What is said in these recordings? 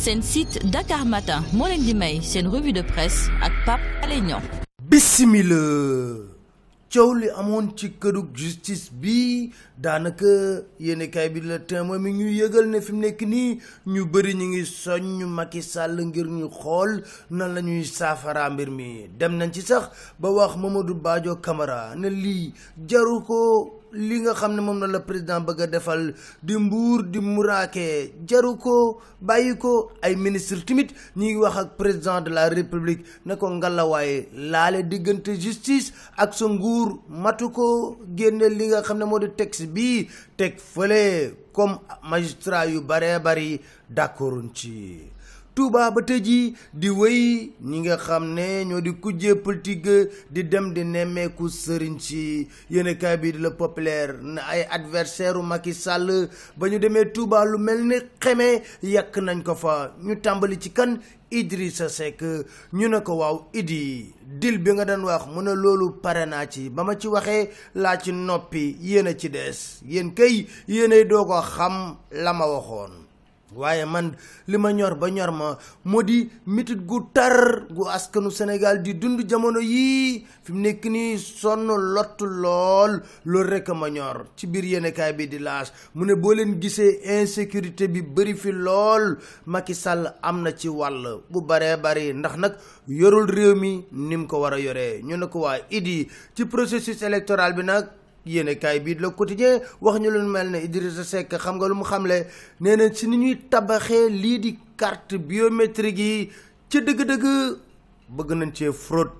seen site Dakar Matin moo leen di may seen revue de presse ak Pape Alé Niang bisimila coow li amoon ci kërug justice bi daanaka yéenekaay bi la Témoin mi ñu yëgal ne fi mu nekk nii ñu bëri ñu ngi soññ Macky Sall ngir ñu xool nan lañuy ñuy saafara mbir mi dem nañ ci sax ba wax Mamadou Badio Camara ne lii jaru ko li nga xam ne moom na la président bëgg a defal di mbuur di muraake jaru ko bàyyi ko ay ministre timit ñi wax ak président de la république ne ko ngalawaaye laale diggante justice ak sa nguur matu ko génne li nga xam ne moo di texte bi teg fële comme magistrat yu baree bari d'accorduñ ci Touba ba tey jii di wéy ñi nga xam ne ñoo di kujje politique di dem di nemmeeku sëriñ si yéenekaay bi la populaire na ay adversaire u Macky sàll ba ñu demee Touba lu mel ni xeme yàq nañ ko fa ñu tàmbali ci kan Idrissa Seck ñu ne ko waaw Idi dil bi nga doon wax mu ne loolu pare naa ci ba ma ci waxee laa ci noppi yéen a ci des yéen kay yéenay doo ko xam la ma waxoon waaye man li ma ñor ba ñor ma moo di métit gu tar gu askanu Sénégal di dund jamono yii fi mu nekk nii sonn lott lool loolu rek ma ñor ci biir yéenekaay bi di laas mu ne boo leen gisee insécurité bi bëri fi lool Macky sàll am na ci wàll bu baree bari ndax nag yorul réew mi ni mu ko war a yoree ñu ne ko waa idi ci processus électoral bi nag yéenekaay bii Le Quotidien wax ñu lu mel ne Idrissa Seck xam nga lu mu xamle nee na ci ni ñuy tabaxee lii di carte biométrique yi ca dëgg-dëgg bëgg nañ cee fraude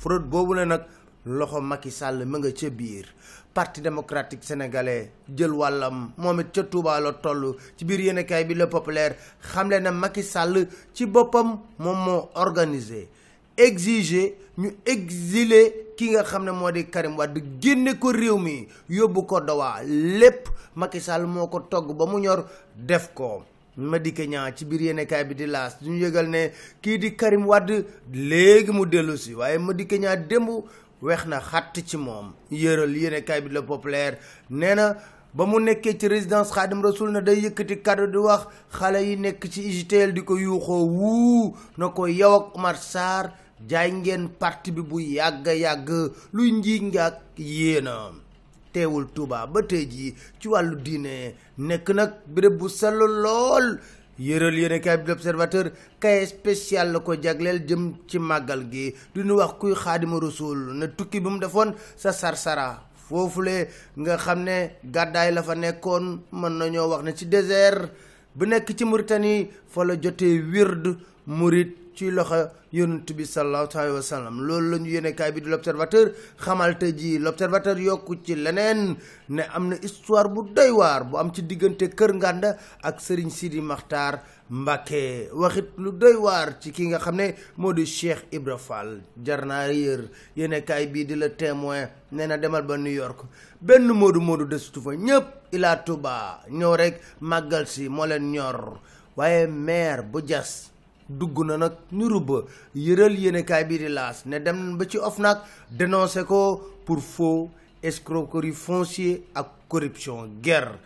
fraude boobu la nag loxo Macky Sall mu nga ca biir parti démocratique sénégalais jël wàllam moom it ca Touba la toll ci biir yéenekaay bi Le Populaire xamle na Macky Sall ci boppam moom moo organisé exiger ñu exiler ki nga xamne modi Karim Wade genné ko réew mi yobbu ko dawa lepp Macky Sall moko togg ba mu ñor def ko madike ci yene kay bi di las ñu ne kii di Karim Wade leg mu dellu si waaye madike ñaa démb wex na xatt ci nena yëral yene kay bi la populaire na ba mu nekkee ci résidence xaadim rasul na day yëkkati kaddu di wax xale yi nekk ci di ko yuuxoo wuu na ko ak Omar Sarr jaay ngeen parti bi bu yàgg-yàgg luy njiig ngaak yéena teewul Touba ba tey jii ci wàllu diine nekk nag béréb bu sell lool yëral yéene kaay bi l'observateur kay spécial la ko jagleel jëm ci màggal gi du ñu wax kuy xaadima rasul na tukki bi mu defoon sa sarsara foofule nga xam ne gàddaay la fa nekkoon mën nañoo wax na ci désert bu nekk ci Mauritanie fa la jotee wird murit ci loxo yonent bi sallallahu alayhi wa sallam loolu la ñu yéenekaay bi di l'observateur xamal te ji l'observateur yokku ci leneen ne am na histoire bu doy waar bu am ci diggante Kër Nganda ak Serigne Sidi maxtar Mbacké waxit lu doy waar ci ki nga xam ne moo di Cheikh Ibra Fall jar naa yër yéenekaay bii di la témoin nee na demal ba New York benn moodu moodu desitu fa ñëpp Ila Touba ñëw rekk màggal si moo leen ñor waaye maire bu jas dugg na nag ñu rubba yëral yéenekaay bii di laas ne dem ba ci OFNAC dénoncé ko pour faux escroquerie foncière ak corruption guerre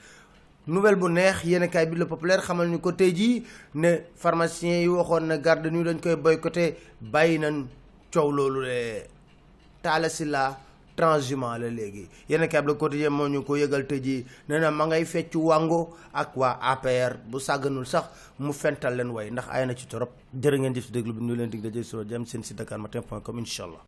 nouvelle bu neex yéenekaay bi Le Populaire xamal ñu ko tey jii ne pharmacien yi waxoon na garde ñu dañ koy boycotté bàyyi nañ coow loolu le taalasi la transhumant la léegi yéen a le quotidien moo ñu ko yëgal te ji nee na ma ngay fecc wàngo ak waa APR bu sàgganul sax mu fental leen way ndax ay na ci torop jërë ngeen jëf si déglu bi ñu leen dig daje soo jëm seen si dakar matin point com incha